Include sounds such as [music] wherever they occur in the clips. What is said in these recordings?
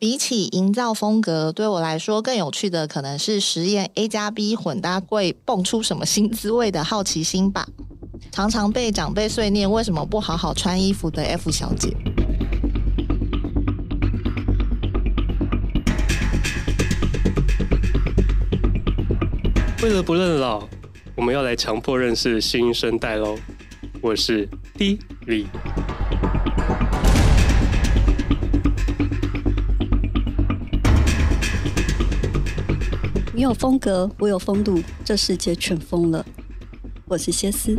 比起營造風格，對我來說更有趣的可能是實驗 A 加 B 混搭會蹦出什麼新滋味的好奇心吧。常常被長輩碎念為什麼不好好穿衣服的 F 小姐，為了不認老，我們要來強迫認識新生代嘍。我是 D 李。你有風格，我有風度，這世界全瘋了。我是歇思。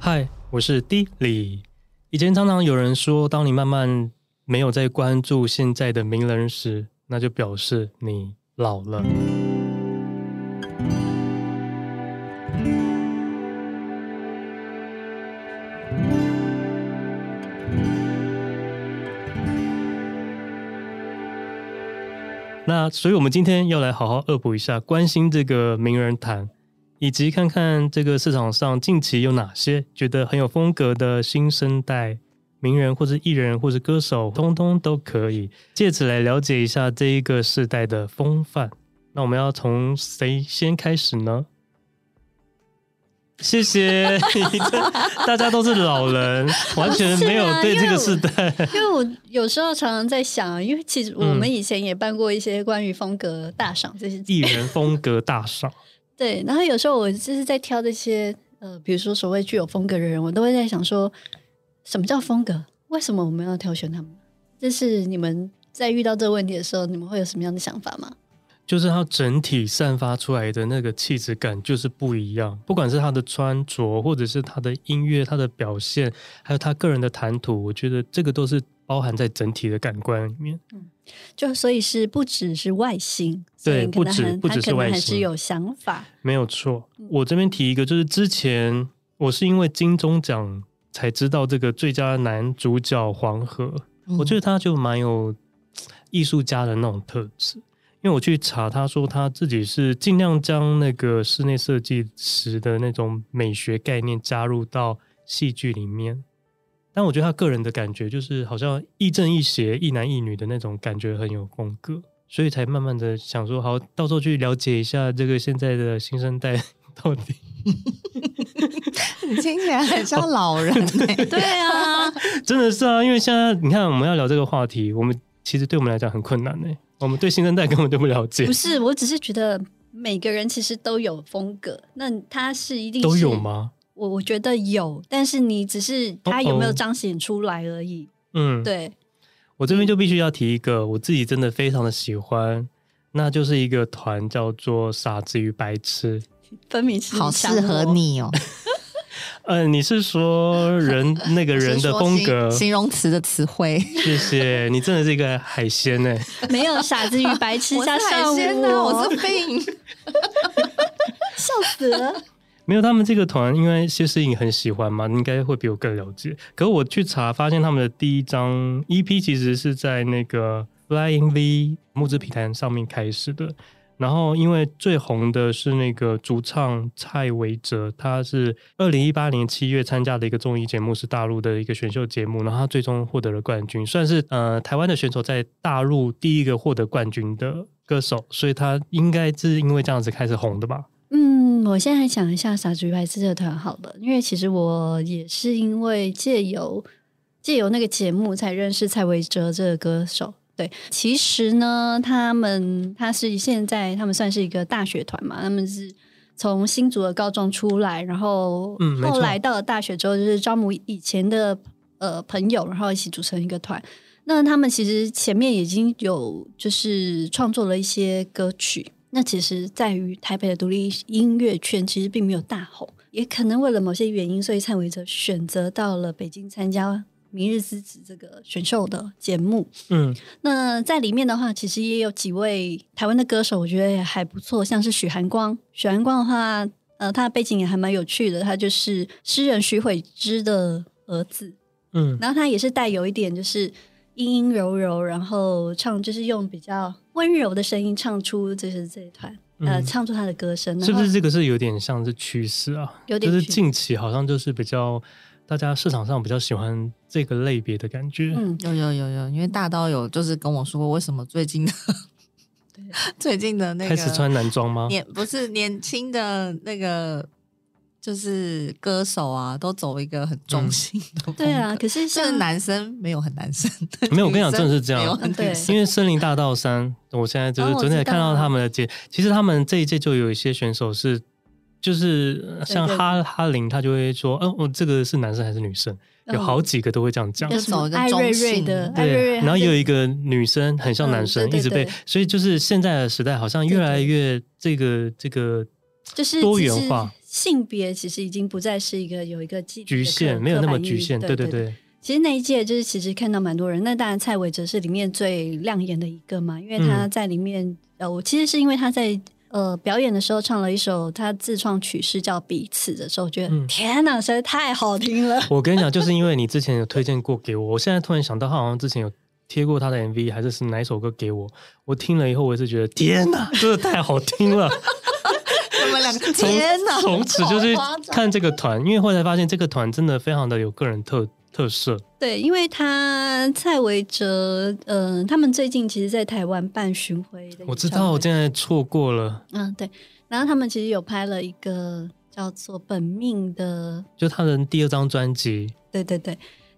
嗨，我是 D Li。以前常常有人說，當你慢慢沒有在關注現在的名人時，那就表示你老了。那所以，我們今天要來好好惡補一下，關心這個名人堂，以及看看這個市場上近期有哪些覺得很有風格的新生代名人，或者藝人，或者歌手，通通都可以借此來了解一下這一個世代的風範。那我們要從誰先開始呢？謝謝 [laughs] [laughs] 大家都是老人，完全沒有對這個時代，啊啊因，因為我有時候常常在想，因為其實我們以前也辦過一些關於風格大賞、嗯、這些。藝人風格大賞。 [laughs] 對，然後有時候我就是在挑這些呃，比如說所謂具有風格的人，我都會在想說，什麼叫風格？為什麼我們要挑選他們？就是你們在遇到這個問題的時候，你們會有什麼樣的想法嗎？就是他整體散發出來的那個氣質感就是不一樣，不管是他的穿着，或者是他的音樂，他的表現，還有他個人的談吐，我覺得這個都是包含在整體的感官裡面。嗯，就所以是不只是外形，對，不止不只是外形，還是有想法。沒有錯，我這邊提一個，就是之前我是因為金鐘獎才知道這個最佳男主角黃河，我覺得他就蠻有藝術家的那種特質。嗯因為我去查，他說他自己是盡量將那個室內設計師的那種美學概念加入到戲劇裡面，但我覺得他個人的感覺就是好像亦正亦邪、一男一女的那種感覺很有風格，所以才慢慢的想說，好，到時候去了解一下這個現在的新生代到底。 [laughs] 你聽起來很像老人、欸、 [laughs] 對啊 [laughs] 真的是啊，因為現在你看我們要聊這個話題，我們其實對我們來講很困難呢、欸。我們對新生代根本都不了解。不是，我只是覺得每個人其實都有風格，那他是一定是都有嗎？我我覺得有，但是你只是他有沒有彰顯出來而已。哦哦。嗯，對。我這邊就必須要提一個，我自己真的非常的喜歡，那就是一個團叫做“傻子與白痴”，分明是好適合你哦。 [laughs] 嗯、呃，你是說人 [laughs] 那個人的風格、呃、形容詞的詞彙？ [laughs] 謝謝你，真的是一個海鮮呢、欸，沒有傻子魚白痴蝦海鮮呢、欸 [laughs] [laughs] 啊，我是病，笑，， [laughs] 笑死了。 [laughs] 沒有，他們這個團，因為謝思穎很喜歡嘛，應該會比我更了解。可是我去查，發現他們的第一張 EP 其實是在那個 Flying V 募資平台上面開始的。然後，因為最紅的是那個主唱蔡維澤，他是二零一八年七月參加的一個綜藝節目，是大陸的一個選秀節目，然後他最終獲得了冠軍，算是呃台灣的選手在大陸第一個獲得冠軍的歌手，所以他應該是因為這樣子開始紅的吧？嗯，我先來講一下傻子與白痴這團好了，因為其實我也是因為借由借由那個節目才認識蔡維澤這個歌手。對，其實呢，他們他是現在他們算是一個大學團嘛，他們是從新竹的高中出來，然後後來到了大學之後，嗯、就是招募以前的呃朋友，然後一起組成一個團。那他們其實前面已經有就是創作了一些歌曲，那其實在於台北的獨立音樂圈，其實並沒有大紅，也可能為了某些原因，所以蔡偉哲選擇到了北京參加。明日之子這個選秀的節目，嗯，那在裡面的話，其實也有幾位台灣的歌手，我覺得也還不錯，像是許寒光。許寒光的話，呃，他的背景也還蠻有趣的，他就是詩人許悔之的兒子，嗯，然後他也是帶有一點就是陰陰柔柔，然後唱就是用比較溫柔的聲音唱出就是這一段、嗯，呃，唱出他的歌聲。是不是這個是有點像是趨勢啊？有點，就是近期好像就是比較。大家市場上比較喜歡這個類別的感覺，嗯，有有有有，因為大刀有就是跟我說過為什麼最近的，對，最近的那個、開始穿男裝嗎？年不是年輕的那個就是歌手啊，都走一個很中性的、嗯，對啊。可是像是男生沒有很男生，沒有。我跟你講，真的是這樣，啊、對，因為《森林大道三》，我現在就是昨天也看到他們的節、哦，其實他們這一屆就有一些選手是。就是像哈哈林，他就會說，嗯，我、哦、這個是男生還是女生，嗯？有好幾個都會這樣講。愛瑞瑞的，對。愛瑞瑞然後也有一個女生很像男生，嗯對對對，一直被。所以就是現在的時代，好像越來越這個對對這個，就是多元化。就是、性別其實已經不再是一個有一個局限，沒有那麼局限對對對對。對對對。其實那一屆就是其實看到蠻多人，那當然蔡偉哲是裡面最亮眼的一個嘛，因為他在裡面，嗯、呃，我其實是因為他在。呃，表演的時候唱了一首他自創曲式叫《彼此》的時候，我覺得、嗯、天哪，實在太好聽了。我跟你講，就是因為你之前有推薦過給我，我現在突然想到，他好像之前有貼過他的 MV，還是是哪一首歌給我？我聽了以後，我也是覺得天哪，天哪，真的太好聽了。 [laughs] [laughs] 我們兩個天哪，從此就是看這個團，因為後來才發現這個團真的非常的有個人特。特色對，因為他蔡維澤，嗯、呃，他們最近其實，在台灣辦巡迴的，我知道，我現在錯過了。嗯，對，然後他們其實有拍了一個叫做《本命》的，就他的第二張專輯，對對對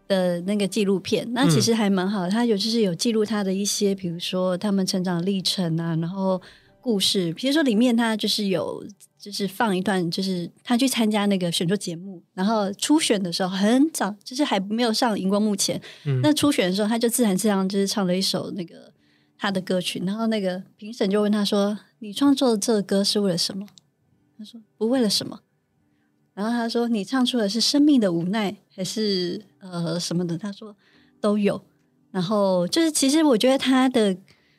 的那個紀錄片，嗯，那其實還蠻好，他有就是有記錄他的一些，比如說他們成長歷程啊，然後故事，比如說裡面他就是有。就是放一段，就是他去參加那個選秀節目，然後初選的時候很早，就是還沒有上熒光幕前、嗯。那初選的時候他就自然自然，就是唱了一首那個他的歌曲，然後那個評審就問他說：“你創作的這個歌是為了什麼？”他說：“不為了什麼。”然後他說：“你唱出的是生命的無奈，還是呃什麼的？”他說：“都有。”然後就是其實我覺得他的。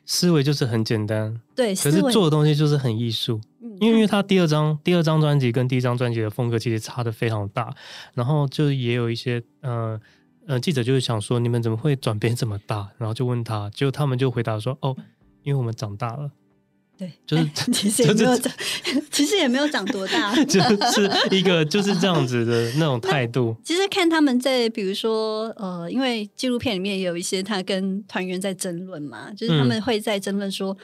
思維就是很簡單，對。可是做的東西就是很藝術，嗯、因為因為他第二張、嗯、第二張專輯跟第一張專輯的風格其實差得非常大，然後就也有一些呃、呃記者就是想說你們怎麼會轉變這麼大，然後就問他，就他們就回答說哦，因為我們長大了。對，就是、欸就是、其實也沒有長、就是，其實也沒有長多大， [laughs] 就是一個就是這樣子的那種態度。 [laughs] 其實看他們在，比如說，呃，因為紀錄片裡面有一些他跟團員在爭論嘛，就是他們會在爭論說、嗯，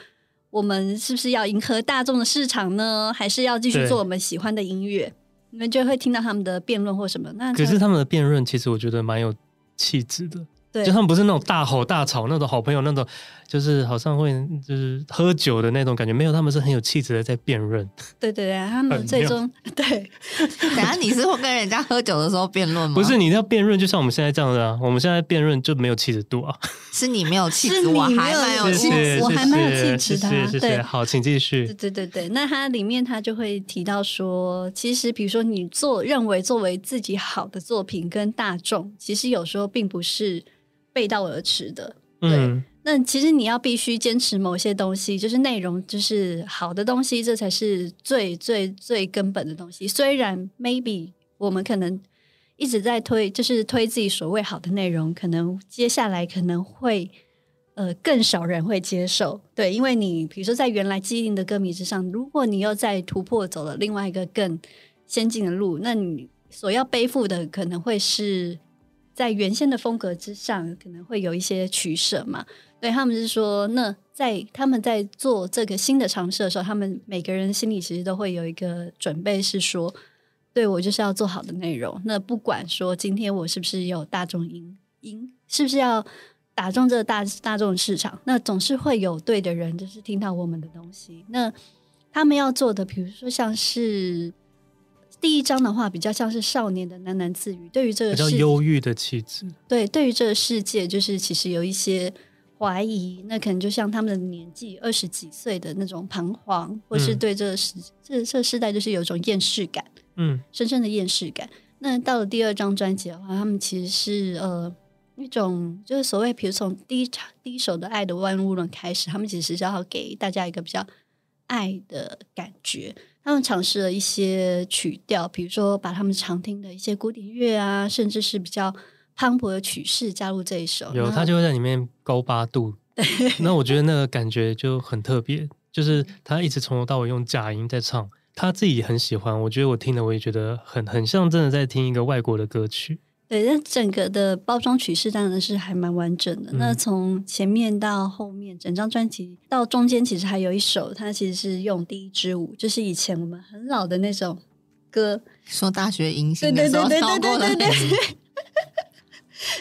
我們是不是要迎合大眾的市場呢，還是要繼續做我們喜歡的音樂？你們就會聽到他們的辯論或什麼。那這，可是他們的辯論，其實我覺得蠻有氣質的。對，就他們不是那種大吼大吵那種好朋友那種，就是好像會就是喝酒的那種感覺，沒有他們是很有氣質的在辯論。對對對、啊，他們最終、嗯、對。等下你是會跟人家喝酒的時候辯論嗎？ [laughs] 不是，你要辯論就像我們現在這樣的、啊，我們現在辯論就沒有氣質度啊。是你沒有氣質 [laughs] 我還蠻有氣質，我還蠻有氣質的、啊是是是是是是。對，好，請繼續。對對對對，那它裡面它就會提到說，其實比如說你作認為作為自己好的作品跟大眾，其實有時候並不是。背道而馳的，對、嗯。那其實你要必須堅持某些東西，就是內容，就是好的東西，這才是最最最根本的東西。雖然 maybe 我們可能一直在推，就是推自己所謂好的內容，可能接下來可能會呃更少人會接受，對。因為你比如說在原來既定的歌迷之上，如果你又在突破走了另外一個更先進的路，那你所要背負的可能會是。在原先的風格之上，可能會有一些取捨嘛。對，他們是說，那在他們在做這個新的嘗試的時候，他們每個人心裡其實都會有一個準備，是說，對我就是要做好的內容。那不管說今天我是不是有大眾音音，是不是要打中這個大大眾市場，那總是會有對的人就是聽到我們的東西。那他們要做的，比如說像是。第一張的話，比較像是少年的喃喃自語，對於這個比較憂鬱的氣質。對，對於這個世界，就是其實有一些懷疑。那可能就像他們的年紀，二十幾歲的那種彷徨，或是對這個世、嗯、這個、這個、世代就是有一種厭世感。嗯，深深的厭世感。那到了第二張專輯的話，他們其實是呃一種就是所謂，比如從第一場第一首的《愛的萬物論》開始，他們其實是要給大家一個比較愛的感覺。他們嘗試了一些曲調，比如說把他們常聽的一些古典樂啊，甚至是比較磅礴的曲式加入這一首。有他就會在裡面高八度，那我覺得那個感覺就很特別， [laughs] 就是他一直從頭到尾用假音在唱，他自己也很喜歡。我覺得我聽了，我也覺得很很像真的在聽一個外國的歌曲。對，那整個的包裝曲式當然是還蠻完整的，嗯。那從前面到後面，整張專輯到中間，其實還有一首，它其實是用第一支舞，就是以前我們很老的那首歌，說大學迎新的時候對過的唱過的對。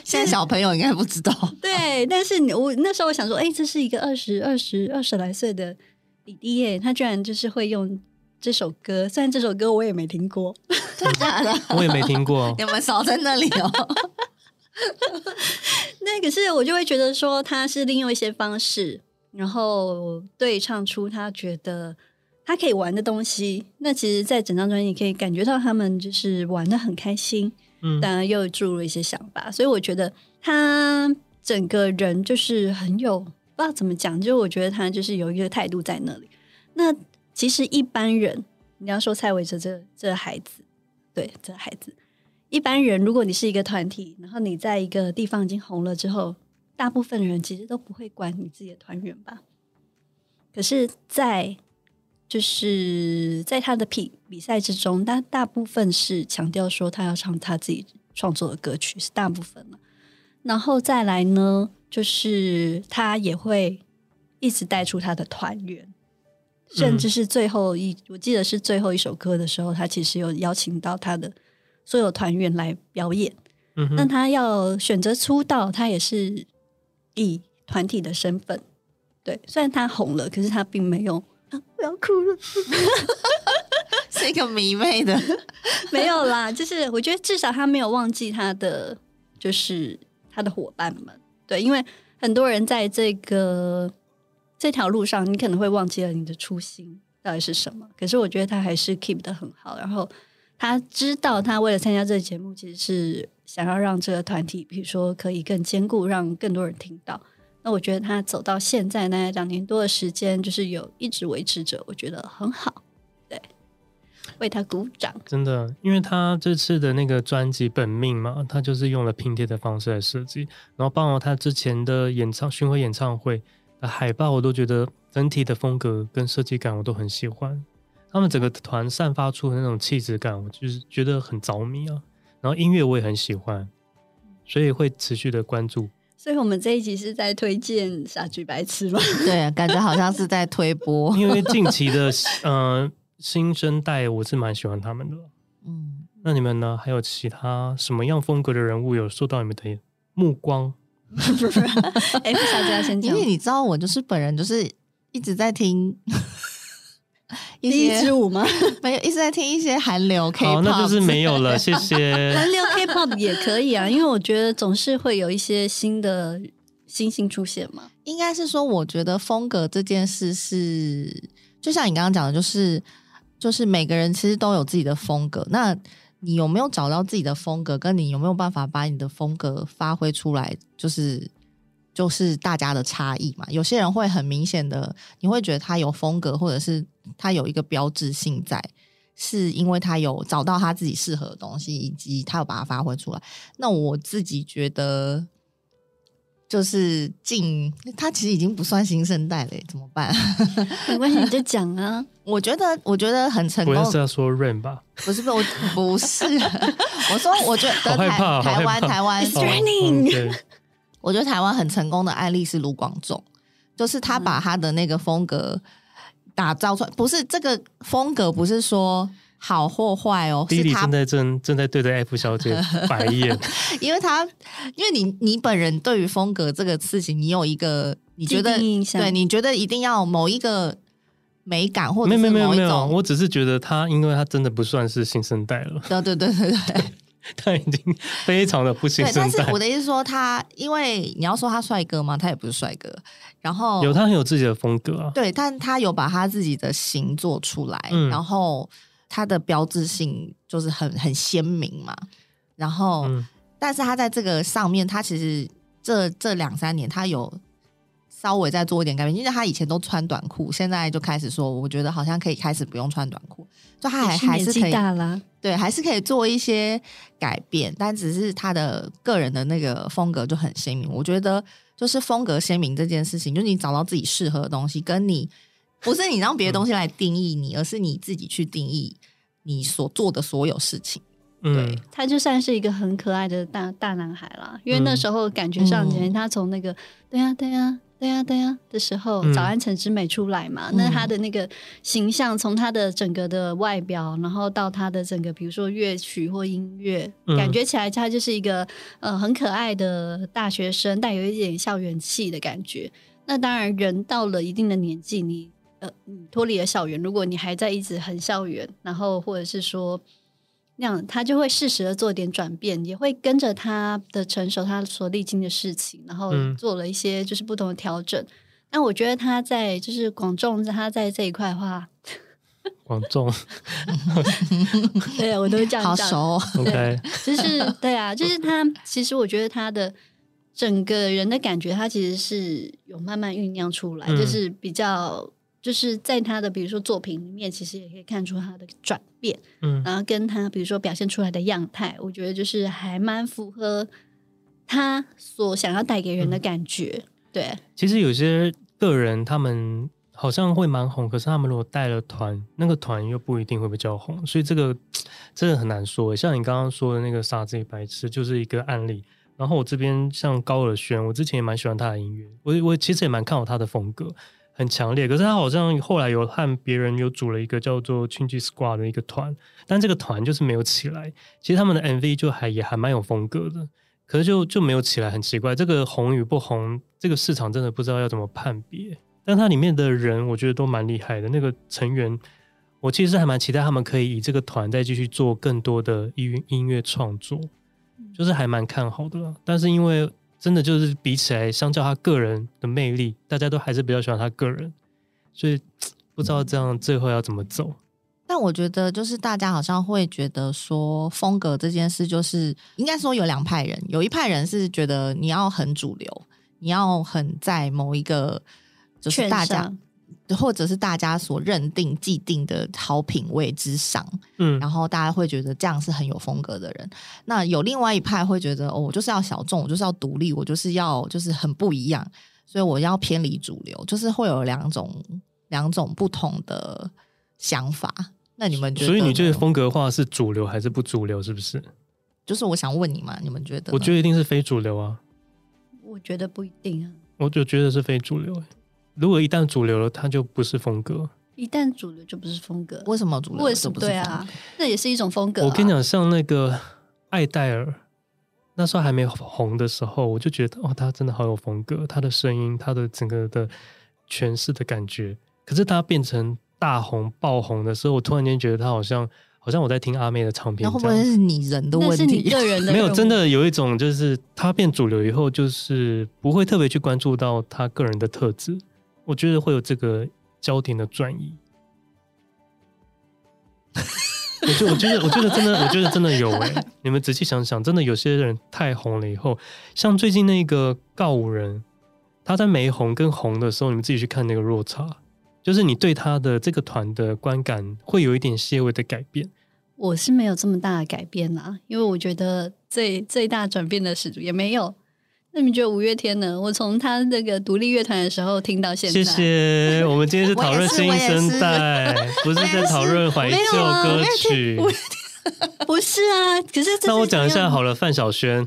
現在小朋友應該不知道。 [laughs] 對，但是我那時候我想說，哎，這是一個二十二十二十來歲的弟弟耶，他居然就是會用。這首歌，雖然這首歌我也沒聽過，對 [laughs] 我也沒聽過。你們少在那裡哦。 [laughs] 那可是我就會覺得說，他是利用一些方式，然後對唱出他覺得他可以玩的東西。那其實，在整張專輯你可以感覺到他們就是玩得很開心，嗯，當然又注入了一些想法。所以我覺得他整個人就是很有，不知道怎麼講，就我覺得他就是有一個態度在那裡。那。其實一般人，你要說蔡維澤這個、這個、孩子，對這個、孩子，一般人如果你是一個團體，然後你在一個地方已經紅了之後，大部分人其實都不會管你自己的團員吧。可是在，在就是在他的比比賽之中，他大部分是強調說他要唱他自己創作的歌曲，是大部分了。然後再來呢，就是他也會一直帶出他的團員。甚至是最後一，嗯，我記得是最後一首歌的時候，他其實有邀請到他的所有團員來表演。嗯，那他要選擇出道，他也是以團體的身份。對，雖然他紅了，可是他並沒有。啊，不要哭了， [laughs] [laughs] 是一個迷妹的， [laughs] 沒有啦。就是我覺得至少他沒有忘記他的，就是他的夥伴們。對，因為很多人在這個。這條路上，你可能會忘記了你的初心到底是什麼。可是我覺得他還是 keep 得很好。然後他知道，他為了參加這個節目，其實是想要讓這個團體，比如說可以更堅固，讓更多人聽到。那我覺得他走到現在呢，兩年多的時間，就是有一直維持着，我覺得很好。對，為他鼓掌。真的，因為他這次的那個專輯《本命》嘛，他就是用了拼貼的方式來設計，然後包括他之前的演唱巡迴演唱會。海報我都覺得整體的風格跟設計感我都很喜歡，他們整個團散發出的那種氣質感，我就是覺得很着迷啊。然後音樂我也很喜歡，所以會持續的關注。所以我們這一集是在推薦傻子與白痴嗎？ [laughs] 對啊，感覺好像是在推播。因 [laughs] 為近期的呃新生代，我是蠻喜歡他們的。嗯，那你們呢？還有其他什麼樣風格的人物有受到你們的目光？不是，哎，F 小姐先講，因為你知道我就是本人，就是一直在聽 [laughs] 一支舞嗎？ [laughs] 沒有，一直在聽一些韓流 K-pop，那就是沒有了。謝謝，韓 [laughs] 流 K-pop 也可以啊，因為我覺得總是會有一些新的新星出現嘛。 [laughs] [laughs] 應該是說，我覺得風格這件事是，就像你剛剛講的，就是就是每個人其實都有自己的風格。嗯、那你有沒有找到自己的風格？跟你有沒有辦法把你的風格發揮出來？就是就是大家的差異嘛。有些人會很明顯的，你會覺得他有風格，或者是他有一個標誌性在，是因為他有找到他自己適合的東西，以及他有把它發揮出來。那我自己覺得。就是進他其實已經不算新生代了耶，怎麼辦？ [laughs] 沒關係，你就講啊。我覺得我覺得很成功。我是要說 Rain 吧？不是不是，我不是。我說我覺得，得台台灣台灣。It's raining. Oh, okay. [laughs] 我覺得台灣很成功的案例是盧廣仲，就是他把他的那個風格打造出來。不是這個風格，不是說。好或壞哦，D Li 正在正正在對着 F 小姐白眼， [laughs] 因為他因為你你本人對於風格這個事情，你有一個你覺得叮叮對你覺得一定要某一個美感，或者是沒，有沒有沒有沒有，我只是覺得他，因為他真的不算是新生代了，對對對對對， [laughs] 他已經非常的不新生代了對。但是我的意思是說他，他因為你要說他帥哥嘛，他也不是帥哥，然後有他很有自己的風格、啊，對，但他，他有把他自己的型做出來、嗯，然後。他的標誌性就是很很鮮明嘛，然後、嗯，但是他在這個上面，他其實這這兩三年他有稍微再做一點改變，因為他以前都穿短褲，現在就開始說，我覺得好像可以開始不用穿短褲，就他還、也是年紀大啦、還是可以，對，還是可以做一些改變，但只是他的個人的那個風格就很鮮明。我覺得就是風格鮮明這件事情，就是、你找到自己適合的東西，跟你不是你讓別的東西來定義你、嗯，而是你自己去定義。你所做的所有事情，嗯、對他就算是一個很可愛的大大男孩啦。因為那時候感覺上，以、嗯、他從那個對呀，對呀、啊，對呀、啊，對呀、啊啊、的時候，嗯《早安晨之美》出來嘛、嗯，那他的那個形象，從他的整個的外表，然後到他的整個，比如說樂曲或音樂，嗯、感覺起來他就是一個呃很可愛的大學生，帶有一點校園氣的感覺。那當然，人到了一定的年紀，你。呃，脫離了校園。如果你還在一直很校園，然後或者是說那樣，他就會適時的做點轉變，也會跟着他的成熟，他所歷經的事情，然後做了一些就是不同的調整、嗯。但我覺得他在就是廣仲，他在這一塊的話，廣仲 [laughs] [laughs] 對我都會這樣好熟。OK，就是對啊，就是他。 [laughs] 其實我覺得他的整個人的感覺，他其實是有慢慢醞釀出來、嗯，就是比較。就是在他的比如說作品裡面，其實也可以看出他的轉變，嗯，然後跟他比如說表現出來的樣態，我覺得就是還蠻符合他所想要帶給人的感覺。嗯、對，其實有些個人他們好像會蠻紅，可是他們如果帶了團，那個團又不一定會比較紅，所以這個真的很難說。像你剛剛說的那個傻子與白痴就是一個案例。然後我這邊像高爾宣，我之前也蠻喜歡他的音樂，我我其實也蠻看好他的風格。很強烈，可是他好像後來有和別人有組了一個叫做 Ching G Squad 的一個團，但這個團就是沒有起來。其實他們的 MV 就還也還蠻有風格的，可是就就沒有起來，很奇怪。這個紅與不紅，這個市場真的不知道要怎麼判別。但他裡面的人，我覺得都蠻厲害的。那個成員，我其實是還蠻期待他們可以以這個團再繼續做更多的音音樂創作，就是還蠻看好的了。但是因為真的就是比起來，相較他個人的魅力，大家都還是比較喜歡他個人，所以不知道這樣最後要怎麼走。但我覺得就是大家好像會覺得說，風格這件事就是應該說有兩派人，有一派人是覺得你要很主流，你要很在某一個就是大家，或者是大家所認定既定的好品味之上，嗯，然後大家會覺得這樣是很有風格的人。那有另外一派會覺得，哦，我就是要小眾，我就是要獨立，我就是要就是很不一樣，所以我要偏離主流。就是會有兩種兩種不同的想法。那你們覺得，所以你這個風格化是主流還是不主流？是不是？就是我想問你嘛，你們覺得？我覺得一定是非主流啊。我覺得不一定啊。我就覺得是非主流欸。如果一旦主流了，它就不是風格。一旦主流就不是風格，為什麼主流？為什麼？對啊！這也是一種風格啊。我跟你講，像那個艾戴爾，那時候還沒有紅的時候，我就覺得哦，他真的好有風格，他的聲音，他的整個的詮釋的感覺。可是他變成大紅爆紅的時候，我突然間覺得他好像，好像我在聽阿妹的唱片。然後，不是你人的問題，是個人的。 [laughs] 沒有真的有一種，就是他變主流以後，就是不會特別去關注到他個人的特質。我覺得會有這個焦點的轉移。我 [laughs] 就我覺得，我覺得真的，我覺得真的有哎、欸。你們仔細想想，真的有些人太紅了以後，像最近那個告五人，他在沒紅跟紅的時候，你們自己去看那個落差，就是你對他的這個團的觀感會有一點些微的改變。我是沒有這麼大的改變啦，因為我覺得最最大轉變的是也沒有。那你覺得五月天呢？我從他那個獨立樂團的時候聽到現在。謝謝，我們今天是討論新生代，不是在討論懷舊歌曲,不歌曲、啊。不是啊，可是那我講一下好了，范曉萱。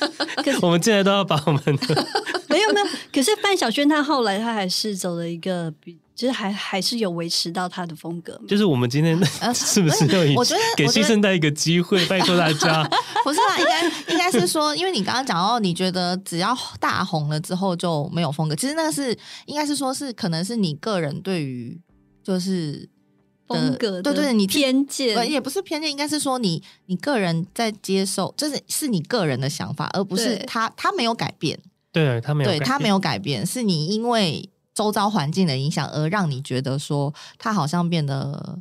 [laughs] 我們現在都要把我們的 [laughs] 沒有沒有，可是范曉萱她後來她還是走了一個比。就是還還是有維持到他的風格，就是我們今天是不是可以、呃？我覺得給新生代一個機會，拜託大家。不是啦，應該應該是說，因為你剛剛講哦，你覺得只要大紅了之後就沒有風格。其實那個是應該是說是可能是你個人對於就是的風格的，對，對對，你偏見對，也不是偏見，應該是說你你個人在接受，就是是你個人的想法，而不是他對他沒有改變。對他沒有，對，他沒有，對他沒有改變，是你因為。周遭環境的影響，而讓你覺得說他好像變得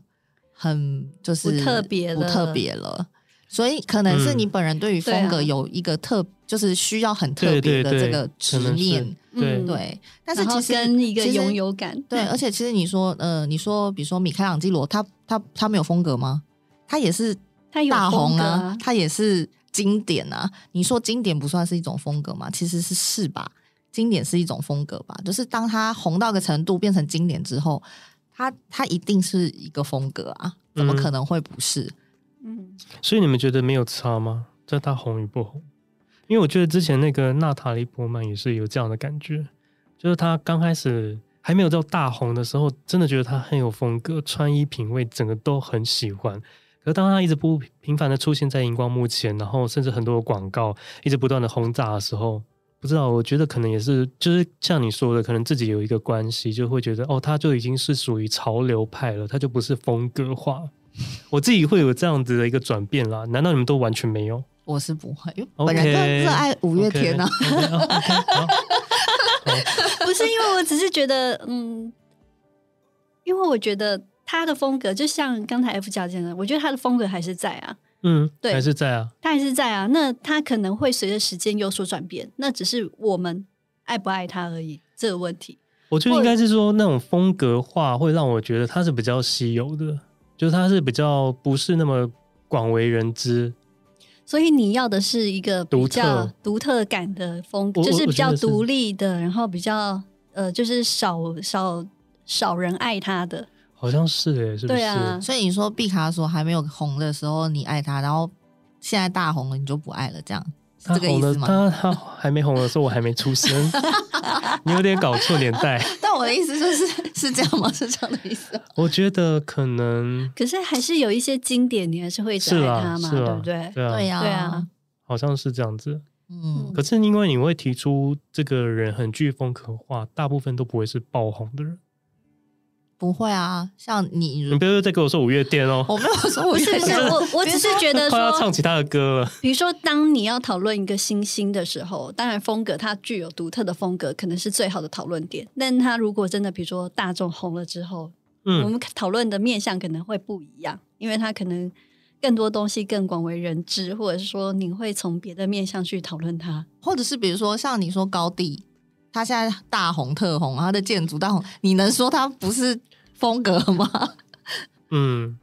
很就是特別不特別了，了，所以可能是你本人對於風格有一個特，嗯啊、就是需要很特別的這個執念，對對，對，對、嗯、對。但是其實跟一個擁有感對，對。而且其實你說，呃，你說，比如說米開朗基羅，他他他沒有風格嗎？他也是他大紅啊，他有啊，他也是經典啊。你說經典不算是一種風格嗎？其實是是吧？經典是一種風格吧，就是當它紅到個程度變成經典之後，它它一定是一個風格啊，怎麼可能會不是？嗯，所以你們覺得沒有差嗎？在它紅與不紅？因為我覺得之前那個娜塔莉·波曼也是有這樣的感覺，就是她剛開始還沒有到大紅的時候，真的覺得她很有風格，穿衣品味，整個都很喜歡。可當她一直不頻繁的出現在熒光幕前，然後甚至很多的廣告一直不斷的轟炸的時候。不知道，我覺得可能也是，就是像你說的，可能自己有一個關係，就會覺得哦，他就已經是屬於潮流派了，他就不是風格化。我自己會有這樣子的一個轉變啦。難道你們都完全沒有？我是不會，因為、okay, 本人熱愛五月天啊。Okay, okay, okay, [laughs] 啊 okay, [laughs] 啊 [laughs] 不是，因為我只是覺得，嗯，因為我覺得他的風格就像剛才 F 姐這樣的，我覺得他的風格還是在啊。嗯，對，還是在啊，他還是在啊。那他可能會隨着時間有所轉變，那只是我們愛不愛他而已，這個問題。我覺得應該是說，那種風格化會讓我覺得他是比較稀有的，就是他是比較不是那麼廣為人知。所以你要的是一個比較獨特感的風格，就是比較獨立的，然後比較呃，就是少少少人愛他的。好像是哎、欸，是不是？對、啊、所以你說畢卡索還沒有紅的時候你愛他，然後現在大紅了你就不愛了，這樣是這個意思嗎？他紅了，他他還沒紅的時候我還沒出生， [laughs] [laughs] 你有點搞錯年代。 [laughs] 但我的意思就是是這樣嗎？是這樣的意思。 [laughs] 我覺得可能，可是還是有一些經典，你還是會愛他嘛，啊啊、對不對、啊？對啊，對啊，好像是這樣子。嗯，可是因為你會提出這個人很具風格化，大部分都不會是爆紅的人。不會啊，像你，你不要再跟我說五月天哦，我沒有說五月天， [laughs] 我我只是覺得說 [laughs] 要唱其他的歌了，比如說，當你要討論一個新星的時候，當然風格它具有獨特的風格，可能是最好的討論點，但它如果真的比如說大眾紅了之後，嗯，我們討論的面向可能會不一樣，因為它可能更多東西更廣為人知，或者是說你會從別的面向去討論它，或者是比如說像你說高地，他現在大紅特紅，他的建築大紅，你能說他不是風格嗎？嗯，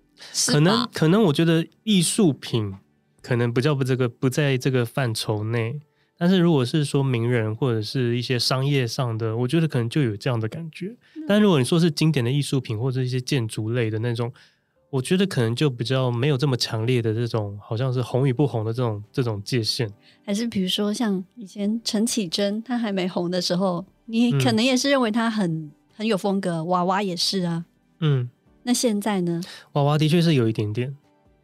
可能可能，可能我覺得藝術品可能不叫不這個不在這個範疇內。但是如果是說名人或者是一些商業上的，我覺得可能就有這樣的感覺。嗯，但如果你說是經典的藝術品或者一些建築類的那種。我覺得可能就比較沒有這麼強烈的這種，好像是紅與不紅的這種這種界限。還是比如說像以前陳綺貞，她還沒紅的時候，你可能也是認為她很、嗯、很有風格。娃娃也是啊，嗯，那現在呢？娃娃的確是有一點點。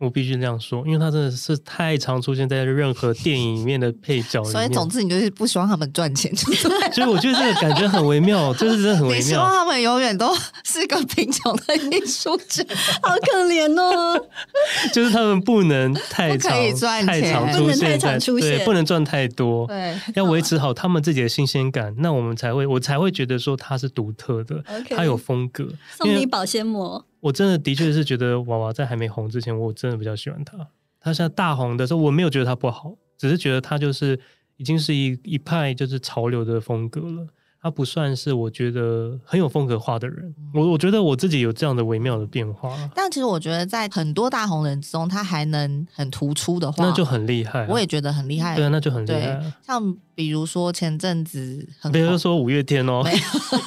我必須這樣說，因為他真的是太常出現在任何電影裡面的配角的，所以總之你就是不希望他們賺錢，所 [laughs] 以我覺得這個感覺很微妙，就是真的很微妙。你希望他們永遠都是個貧窮的藝術家，好可憐哦！ [laughs] 就是他們不能太常，不賺錢太常，不能太常出現，對，不能賺太多，對，要維持好他們自己的新鮮感，那我們才會， [laughs] 我才會覺得說他是獨特的，他、okay. 有風格。送你保鮮膜。我真的的確是覺得娃娃在還沒紅之前，我真的比較喜歡他。他現在大紅的時候，我沒有覺得他不好，只是覺得他就是已經是一一派就是潮流的風格了。他不算是我覺得很有風格化的人。我我覺得我自己有這樣的微妙的變化。但其實我覺得在很多大紅人之中，他還能很突出的話，那就很厲害啊。我也覺得很厲害。對啊，那就很厲害。像。比如說前陣子，比如說五月天哦、喔 [laughs]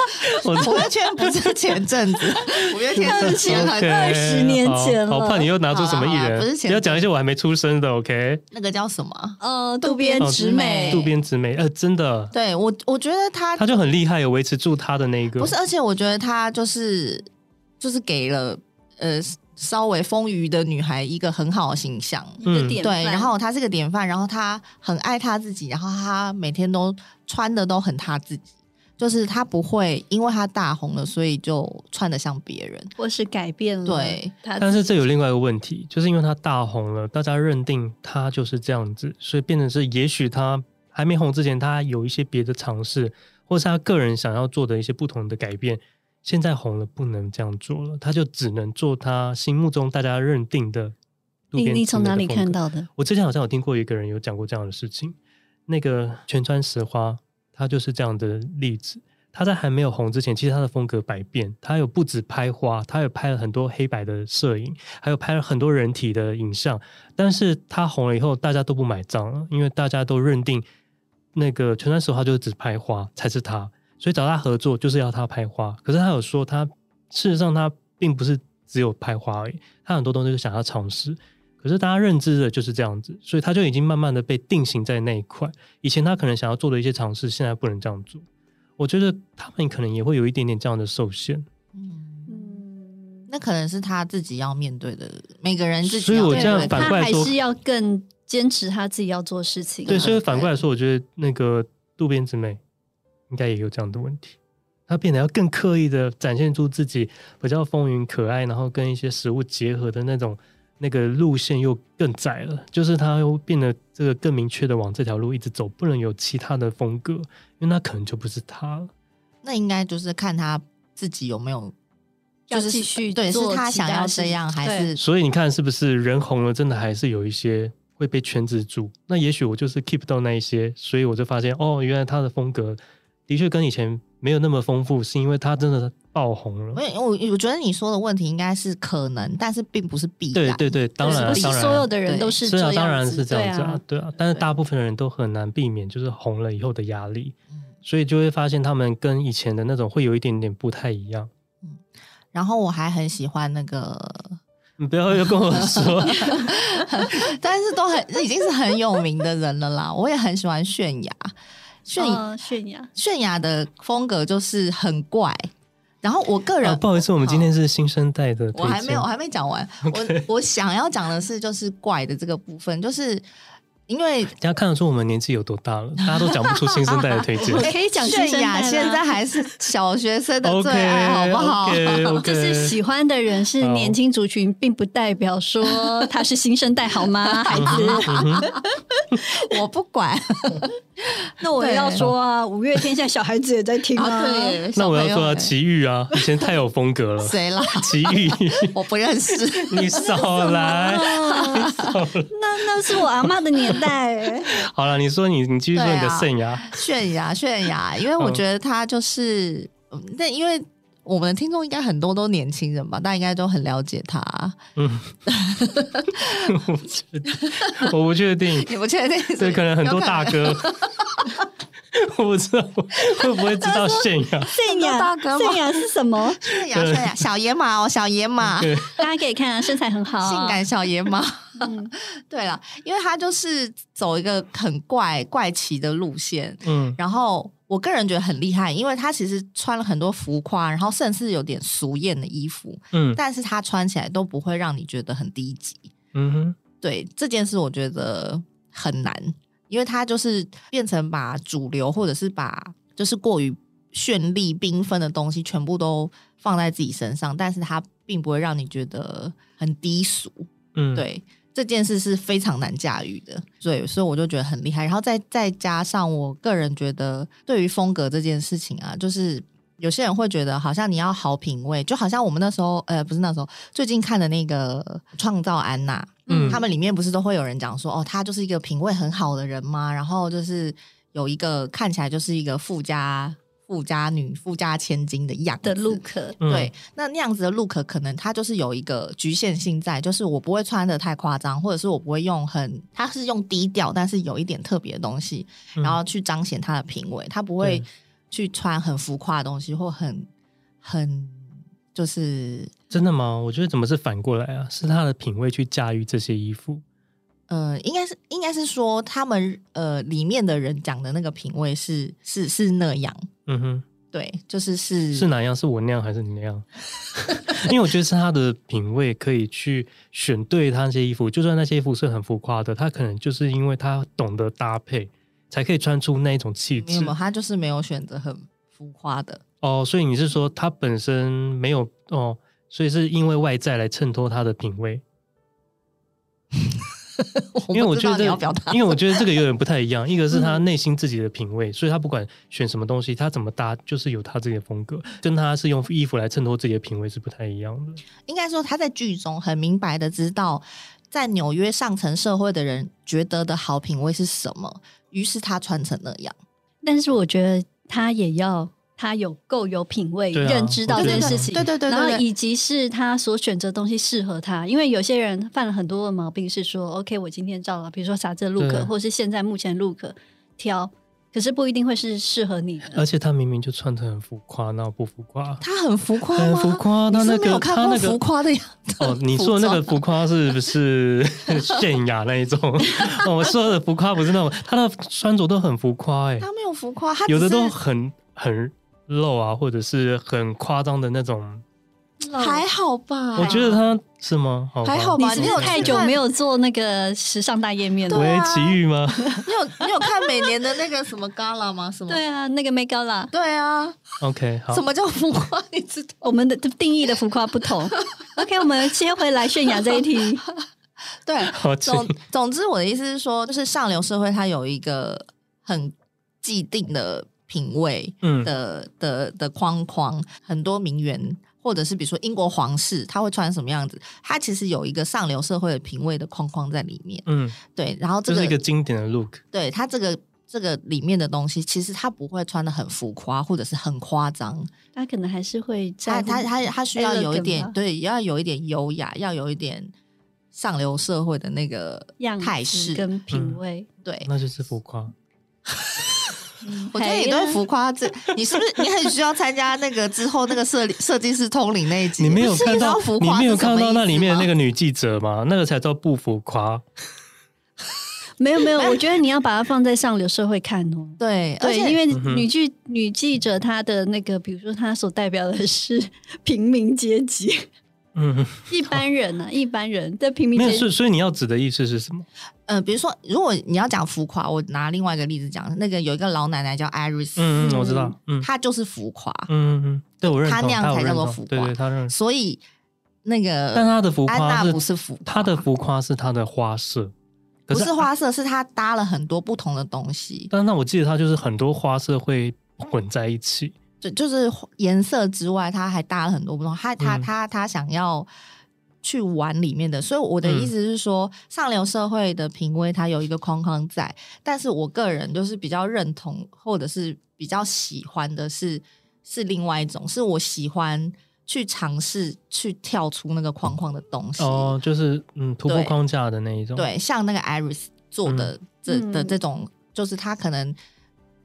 [laughs] 我在前笑五月天不是前陣子，五月天是前二十年前了。好怕你又拿出什麼藝人？不是前要講一些我還沒出生的，OK？那個叫什麼？呃，渡邊直美，哦、渡邊直美，呃，真的，對我我覺得他他就很厲害，有維持住他的那一個。不是，而且我覺得他就是就是給了呃。稍微豐腴的女孩一個很好的形象，嗯、對，然後她是個典範，然後她很愛她自己，然後她每天都穿得都很她自己，就是她不會因為她大紅了，嗯，所以就穿得像別人，或是改變了。對，但是這有另外一個問題，就是因為她大紅了，大家認定她就是這樣子，所以變成是也許她還沒紅之前，她有一些別的嘗試，或是她個人想要做的一些不同的改變。現在紅了，不能這樣做了，他就只能做他心目中大家認定的路人。你你從哪裡看到的？我之前好像有聽過一個人有講過這樣的事情，那個全川石花，他就是這樣的例子。他在還沒有紅之前，其實他的風格百變，他有不止拍花，他有拍了很多黑白的攝影，還有拍了很多人體的影像。但是他紅了以後，大家都不買賬了，因為大家都認定那個全川石花，就是只拍花才是他。所以找他合作就是要他拍花，可是他有說他事實上他並不是只有拍花而已，他很多東西就想要嘗試。可是大家認知的就是這樣子，所以他就已經慢慢的被定型在那一塊。以前他可能想要做的一些嘗試，現在不能這樣做。我覺得他們可能也會有一點點這樣的受限。嗯，那可能是他自己要面對的，每個人自己。所以，我這樣反過來說，對對對還是要更堅持他自己要做事情對對對。對，所以反過來說，我覺得那個渡邊直美。應該也有這樣的問題，他變得要更刻意的展現出自己比較風雲可愛，然後跟一些食物結合的那種，那個路線又更窄了。就是他又變得這個更明確的往這條路一直走，不能有其他的風格，因為那可能就不是他了。那應該就是看他自己有沒有，就是繼續，對，是他想要這樣，還是？所以你看是不是人紅了，真的還是有一些會被圈子住？那也許我就是 keep 到那一些，所以我就發現哦，原來他的風格。的確跟以前沒有那麼豐富，是因為他真的爆紅了。我也，我我覺得你說的問題應該是可能，但是並不是必然。對對對，當然、啊，就是、所有的人都是。這樣，雖然當然是這樣子啊，啊，對啊。但是大部分的人都很難避免，就是紅了以後的壓力，所以就會發現他們跟以前的那種會有一點點不太一樣。嗯，然後我還很喜歡那個，你不要又跟我說。 [laughs] 但是都很已經是很有名的人了啦，我也很喜歡泫雅。炫炫雅、炫、哦、炫雅的風格就是很怪，然後我個人、啊、不好意思，我們今天是新生代的，我還沒有，我還沒講完，okay、我我想要講的是就是怪的這個部分，就是。因為大家看得出我們年紀有多大了，大家都講不出新生代的推薦。我 [laughs] 可以講，泫雅現在還是小學生的最愛，好不好？Okay, okay, okay. 就是喜歡的人是年輕族群，oh. 並不代表說他是新生代，好嗎？ [laughs] 孩子， [laughs] [laughs] [laughs] 我不管。 [laughs] 那我要說啊， [laughs] 五月天下小孩子也在聽 [laughs] 啊、欸。那我要說啊，奇遇啊，以前太有風格了。誰啦？奇遇， [laughs] 我不認識。 [laughs] 你少來。 [laughs] 啊、少來，那那是我阿嬤的年。對， [laughs] 好了，你說你，你繼續說你的泫雅，泫雅，啊，泫雅，因為我覺得他就是，嗯、但因為我們的聽眾應該很多都年輕人吧，大家應該都很了解他。嗯， [laughs] 我不確定， [laughs] 我不確定，你不確定，對，可能很多大哥， [laughs] 我不知道我會不會知道泫雅，泫雅大哥，泫雅是什麼？泫雅，泫雅，小野馬哦，小野馬對，大家可以看啊，身材很好，哦，性感小野馬。 [laughs] 對了，因為他就是走一個很怪怪奇的路線，嗯，然後我個人覺得很厲害，因為他其實穿了很多浮誇，然後甚至有點俗艷的衣服，嗯，但是他穿起來都不會讓你覺得很低級，嗯哼，對，這件事我覺得很難，因為他就是變成把主流或者是把就是過於絢麗繽紛的東西全部都放在自己身上，但是他並不會讓你覺得很低俗，嗯，對。這件事是非常難駕馭的，對，所以我就覺得很厲害。然後再，再再加上我個人覺得，對於風格這件事情啊，就是有些人會覺得，好像你要好品味，就好像我們那時候，呃，不是那時候，最近看的那個《創造安娜》，嗯，他們裡面不是都會有人講說，哦，他就是一個品味很好的人嗎？然後就是有一個看起來就是一個富家。富家女、富家千金的樣子的 look，對，那、嗯、那樣子的 look 可能它就是有一個局限性在，就是我不會穿得太誇張，或者是我不會用很，它是用低調，但是有一點特別的東西，然後去彰顯他的品味，他、嗯、不會去穿很浮誇的東西或很很就是真的嗎？我覺得怎麼是反過來啊？是他的品味去駕馭這些衣服。嗯、呃，應該是應該是說他們呃裡面的人講的那個品味是是是那樣，嗯哼，對，就是是是哪樣？是我那樣還是你那樣？ [laughs] [laughs] 因為我覺得是他的品味可以去選對他那些衣服，就算那些衣服是很浮誇的，他可能就是因為他懂得搭配，才可以穿出那一種氣質。沒有，他就是沒有選擇很浮誇的哦。所以你是說他本身沒有哦？所以是因為外在來襯托他的品味。 [laughs] [laughs] 因為我覺得，因為我覺得這個有點不太一樣。一個是他內心自己的品味，所以他不管選什麼東西，他怎麼搭，就是有他自己的風格，跟他是用衣服來襯托自己的品味是不太一樣的。應該說，他在劇中很明白的知道，在紐約上層社會的人覺得的好品味是什麼，於是他穿成那樣。但是我覺得他也要。他有夠有品味，啊、認知到這件事情，對對對，對，然後以及是他所選擇東西適合他，因為有些人犯了很多的毛病，是說 OK，我今天照了，比如說啥這 look、啊、或是現在目前 look 挑，可是不一定會是適合你。而且他明明就穿得很浮誇，那不浮誇？他很浮誇浮誇，他那個沒有看他那個浮誇的樣子。哦，你說的那個浮誇是不是泫雅 [laughs] [laughs] 那一種？我、 [laughs] 哦、說的浮誇不是那種，他的穿着都很浮誇哎。他沒有浮誇，他有的都很很。漏啊，或者是很誇張的那種，還好吧？我覺得他是嗎？還好吧？你有太久沒有做那個時尚大頁面了，喂、啊，奇遇嗎？你有你有看每年的那個什麼 Gala 嗎？什麼？ [laughs] 對啊，那個沒 Gala，對啊。OK，好。什麼叫浮誇？你知道我們的定義的浮誇不同。 [laughs] [laughs] OK，我們先回來炫耀這一題。 [laughs] 對，好總總之我的意思是說，就是上流社會它有一個很既定的。品味的、嗯、的的、的框框，很多名媛或者是比如說英國皇室，他會穿什麼樣子？他其實有一個上流社會的品味的框框在裡面。嗯，對。然後這個、就是一個經典的 look。對，他這個這個裡面的東西，其實他不會穿得很浮誇或者是很誇張。他、啊、可能還是會他他他他需要有一點，對，要有一點優雅，要有一點上流社會的那個態勢跟品味。對、嗯，那就是浮誇。 [laughs] 嗯、我覺得你都浮誇，這 [laughs] 你是不是？你很需要參加那個之後那個設設計師通靈那一集？你沒有看到，浮誇，沒有看到那裡面那個女記者嗎？那個才叫不浮誇。 [laughs] 沒有沒有，我覺得你要把它放在上流社會看哦、喔。 [laughs] 對，而且因為女記女記者她的那個，比如說她所代表的是平民階級，嗯 [laughs] [laughs] 一般人呢、啊、 [laughs] 一般人在 [laughs] 平民階級。那所所以你要指的意思是什麼？嗯、呃，比如說，如果你要講浮誇，我拿另外一個例子講，那個有一個老奶奶叫艾瑞斯，嗯，我知道，嗯，她就是浮誇，嗯嗯，嗯對我認，她那樣才叫做浮誇，她對她認，所以那個，但她的浮誇安娜不是浮誇，她浮誇是，她的浮誇是她的花色，不是花色，是她搭了很多不同的東西、啊。但那我記得她就是很多花色會混在一起，就就是顏色之外，她還搭了很多不同，她她、嗯、她她、她想要。去玩裡面的，所以我的意思是說、嗯，上流社會的品味它有一個框框在，但是我個人就是比較認同，或者是比較喜歡的是，是另外一種，是我喜歡去嘗試去跳出那個框框的東西，哦，就是嗯，突破框架的那一種，對，對，像那個 Iris 做的這、嗯、的這種，就是他可能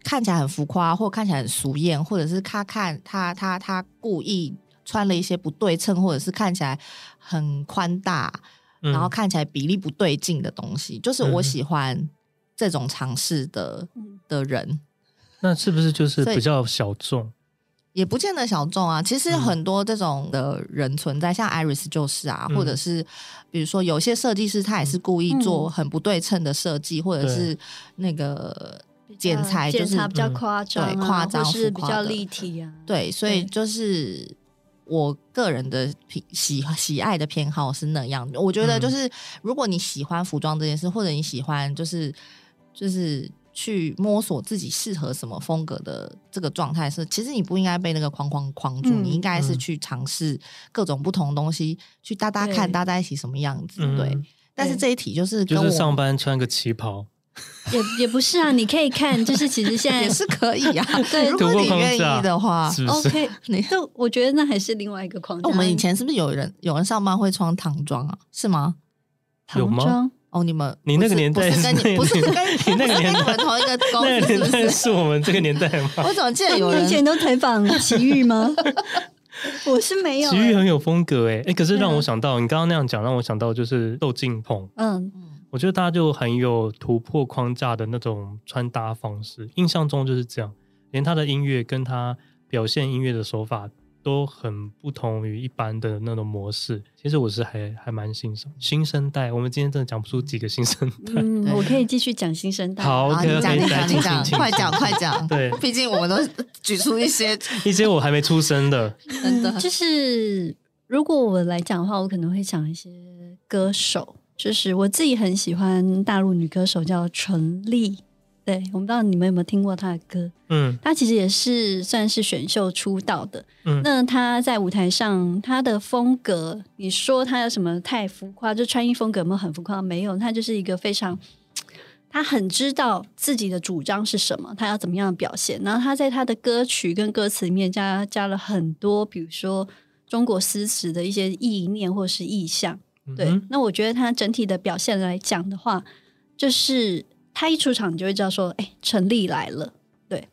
看起來很浮誇，或看起來很俗豔，或者是他看他他他故意。穿了一些不對稱，或者是看起來很寬大、嗯，然後看起來比例不對勁的東西，就是我喜歡這種嘗試的、嗯、的人。那是不是就是比較小眾？也不見得小眾啊。其實很多這種的人存在，嗯、像 Iris 就是啊、嗯，或者是比如說有些設計師，他也是故意做很不對稱的設計，嗯、或者是那個剪裁就是比較誇張、啊，對，誇張或者是比較立體啊。對，所以就是。我個人的偏喜喜愛的偏好是那樣，我覺得就是如果你喜歡服裝這件事、嗯，或者你喜歡就是就是去摸索自己適合什麼風格的這個狀態是，其實你不應該被那個框框框住，你應該是去嘗試各種不同東西，去搭搭看搭在一起什麼樣子。對，嗯、但是這一題就是就是上班穿個旗袍。也也不是啊，你可以看，就是其實現在 [laughs] 也是可以啊。對，如果你願意的話是是，OK 你。你這我覺得那還是另外一個框、啊。我們以前是不是有人有人上班會穿唐裝啊？是嗎？唐裝？哦，你們你那個年代不是跟你不是跟你個是不是 [laughs] 那個年代同一個？那個年是我們這個年代嗎？ [laughs] 我怎麼記得有 [laughs] 你以前都採訪齊豫嗎？ [laughs] 我是沒有、欸。齊豫很有風格誒、欸，哎、欸，可是讓我想到、啊、你剛剛那樣講，讓我想到就是竇靖童。嗯。我覺得他就很有突破框架的那種穿搭方式，印象中就是這樣。連他的音樂跟他表現音樂的手法都很不同於一般的那種模式。其實我是還還蠻欣賞新生代。我們今天真的講不出幾個新生代，嗯，我可以繼續講新生代，好，的，講 okay，講 okay，講，講，快講快講。 [laughs] 對， [laughs] 畢竟我們都舉出一些一些我還沒出生的， [laughs] 真的。就是如果我來講的話，我可能會講一些歌手。就是我自己很喜歡大陸女歌手叫陳麗，對，我不知道你們有沒有聽過她的歌，嗯，她其實也是算是選秀出道的，嗯，那她在舞台上她的風格，你說她有什麼太浮誇？就穿衣風格有沒有很浮誇？沒有，她就是一個非常，她很知道自己的主張是什麼，她要怎麼樣的表現。然後她在她的歌曲跟歌詞裡面加加了很多，比如說中國詩詞的一些意念或是意象。對，那我覺得他整體的表現來講的話，就是他一出場你就會知道說，哎，陳粒來了。對，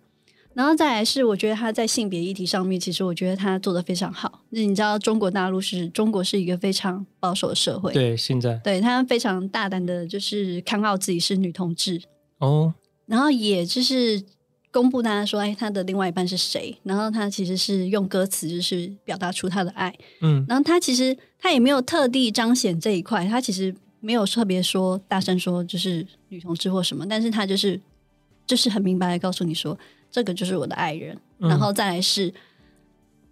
然後再來是，我覺得他在性別議題上面，其實我覺得他做得非常好。那你知道，中國大陸是中國是一個非常保守的社會，對，現在對他非常大膽的，就是看到自己是女同志哦，oh. 然後也就是公布大家說，哎，他的另外一半是誰？然後他其實是用歌詞就是表達出他的愛，嗯，然後他其實。他也沒有特地彰顯這一塊，他其實沒有特別說大聲說就是女同志或什麼，但是他就是就是很明白的告訴你說，這個就是我的愛人。嗯。然後再來是，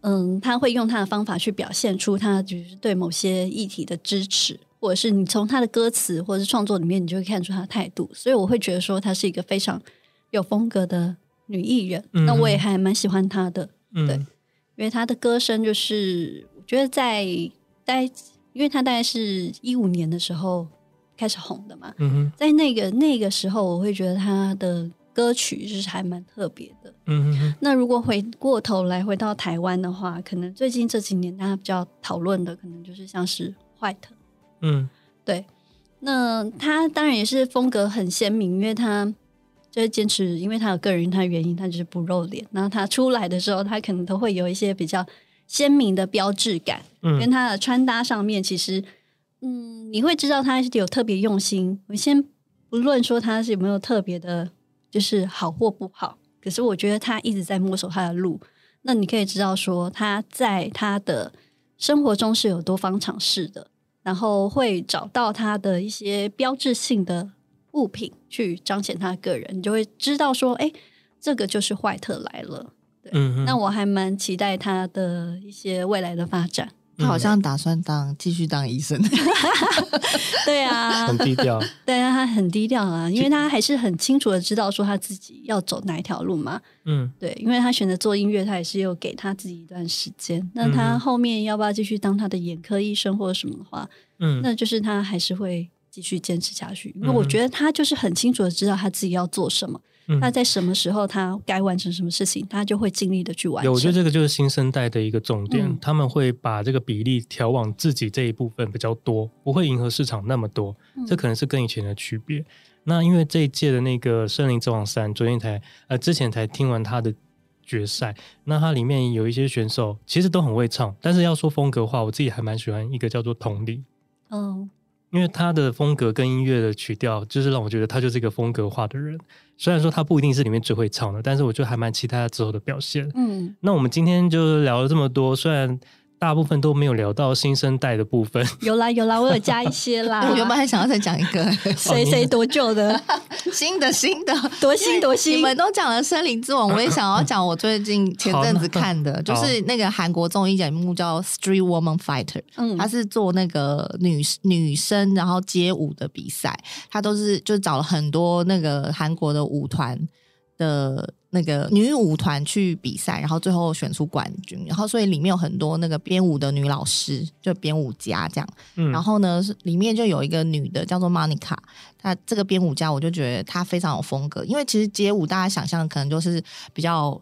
嗯，他會用他的方法去表現出他就是對某些議題的支持，或者是你從他的歌詞或者是創作裡面，你就會看出他的態度。所以我會覺得說，他是一個非常有風格的女藝人，嗯。那我也還蠻喜歡他的，嗯。對，因為他的歌聲就是我覺得在。大，因為他大概是一五年的時候開始紅的嘛。嗯，在那個那個時候，我會覺得他的歌曲就是還蠻特別的。嗯哼哼。那如果回過頭來回到台灣的話，可能最近這幾年大家比較討論的，可能就是像是壞特。嗯，對。那他當然也是風格很鮮明，因為他就是堅持，因為他有個人他原因，他就是不露臉。然後他出來的時候，他可能都會有一些比較。鮮明的標誌感，跟、嗯、他的穿搭上面，其實，嗯，你會知道他有特別用心。我先不論說他是有沒有特別的，就是好或不好，可是我覺得他一直在摸索他的路。那你可以知道說他在他的生活中是有多方嘗試的，然後會找到他的一些標誌性的物品去彰顯他個人，你就會知道說，哎、欸，這個就是壞特來了。嗯，那我還蠻期待他的一些未來的發展。他好像打算當繼續當醫生， [laughs] [laughs] 對啊，很低調。 [laughs] 對啊，他很低調啊，因為他還是很清楚的知道說他自己要走哪一條路嘛。嗯，對，因為他選擇做音樂，他也是有給他自己一段時間。那他後面要不要繼續當他的眼科醫生或者什麼的話，嗯，那就是他還是會繼續堅持下去。因為我覺得他就是很清楚的知道他自己要做什麼。那在什麼時候他該完成什麼事情，嗯、他就會盡力的去完成。我覺得這個就是新生代的一個重點。嗯，他們會把這個比例調往自己這一部分比較多，不會迎合市場那麼多。嗯、這可能是跟以前的區別。那因為這一屆的那個《聲林之王三》，昨天才呃之前才聽完他的決賽，那它裡面有一些選手其實都很會唱，但是要說風格的話，我自己還蠻喜歡一個叫做同理。嗯因為他的風格跟音樂的曲調，就是讓我覺得他就是一個風格化的人。雖然說他不一定是裡面最會唱的，但是我就還蠻期待他之後的表現。嗯，那我們今天就聊了這麼多，雖然。大部分都沒有聊到新生代的部分。有啦有啦，我有加一些啦。 [laughs] 我原本還想要再講一個誰誰、哦、多舊的 [laughs] 新的新的多新多新。你們都講了森林之王，我也想要講我最近前陣子看的，就是那個韓國綜藝節目叫《Street Woman Fighter》，嗯，它是做那個女女生然後街舞的比賽，他、嗯、都是就找了很多那個韓國的舞團的。那個女舞團去比賽，然後最後選出冠軍，然後所以裡面有很多那個編舞的女老師，就編舞家這樣。嗯，然後呢是裡面就有一個女的叫做 Monica，她這個編舞家我就覺得她非常有風格，因為其實街舞大家想象的可能就是比較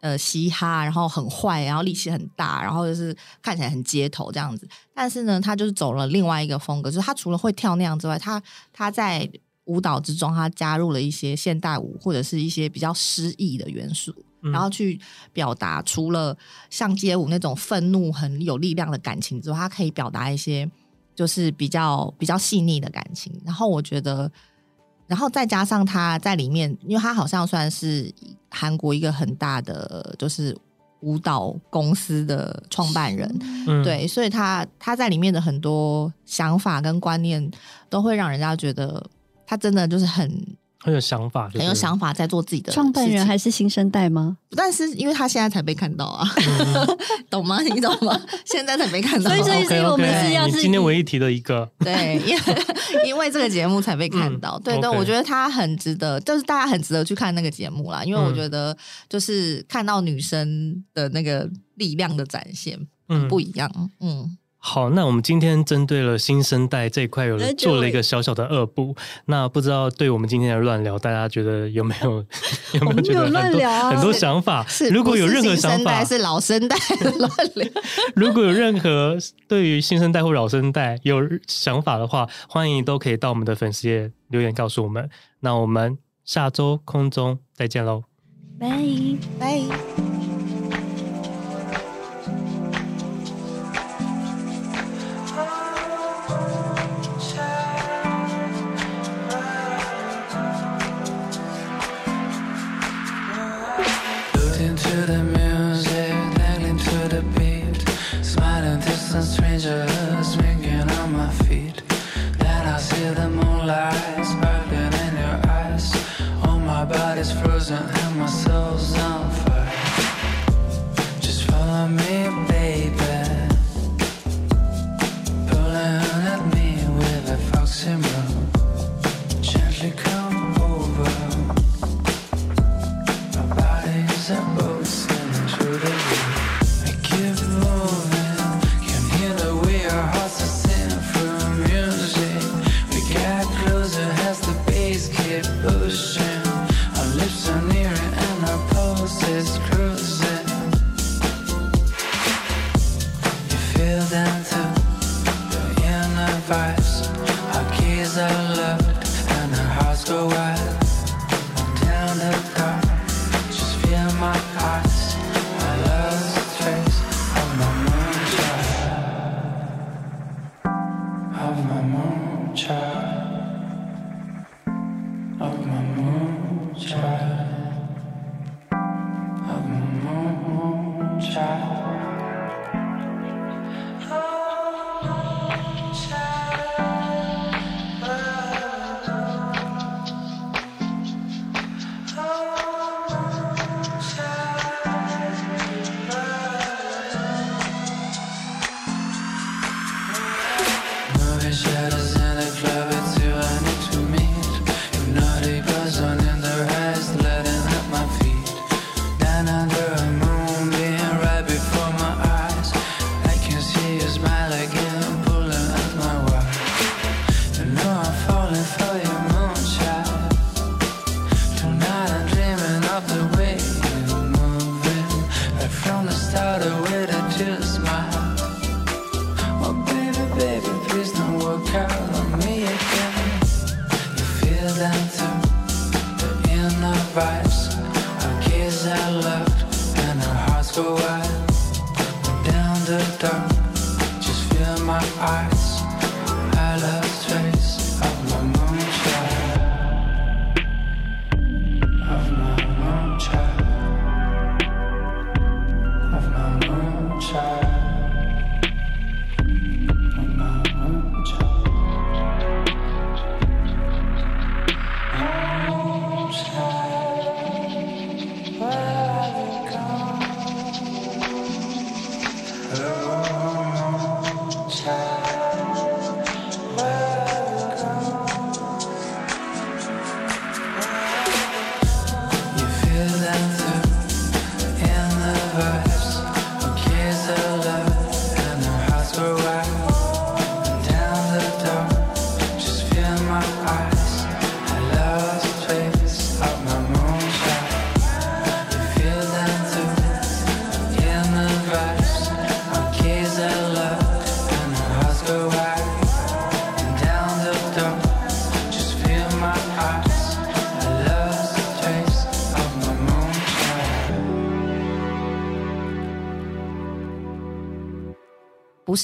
呃嘻哈，然後很壞，然後力氣很大，然後就是看起來很街頭這樣子。但是呢，她就是走了另外一個風格，就是她除了會跳那樣之外，她她在。舞蹈之中，他加入了一些現代舞或者是一些比較詩意的元素，嗯，然後去表達除了像街舞那種憤怒很有力量的感情之外，他可以表達一些就是比較比較細膩的感情。然後我覺得，然後再加上他在裡面，因為他好像算是韓國一個很大的就是舞蹈公司的創辦人，嗯、對，所以他他在裡面的很多想法跟觀念都會讓人家覺得。他真的就是很很有想法，很有想法，想法在做自己的創辦人還是新生代嗎？但是因為他現在才被看到啊，嗯、 [laughs] 懂嗎？你懂嗎？ [laughs] 現在才被看到， [laughs] [laughs] [laughs] [laughs] 被看到，所以這一次我們是今天唯一提的一個， [laughs] 對，因為因為這個節目才被看到。嗯、對對，我覺得他很值得，就是大家很值得去看那個節目啦。因為我覺得就是看到女生的那個力量的展現、嗯、不一樣，嗯。好，那我們今天針對了新生代這塊，有做了一個小小的惡補。那不知道對我們今天的亂聊，大家覺得有沒有？ [laughs] 有沒有覺得很多我沒有亂聊、啊？很多想法是是。如果有任何想法，是老生代的亂聊。 [laughs] [laughs] 如果有任何對於新生代或老生代有想法的話，歡迎都可以到我們的粉絲頁留言告訴我們。那我們下周空中再見嘍。拜拜。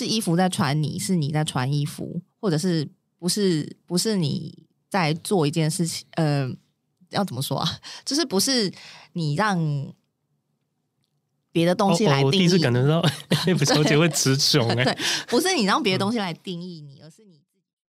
是衣服在穿你，是你在穿衣服，或者是不是不是你在做一件事情？呃，要怎麼說啊？就是不是你讓別的東西來定義？哦哦、我第一次感覺到，F 小 [laughs] 姐會詞窮哎，不是你讓別的東西來定義你，而是你。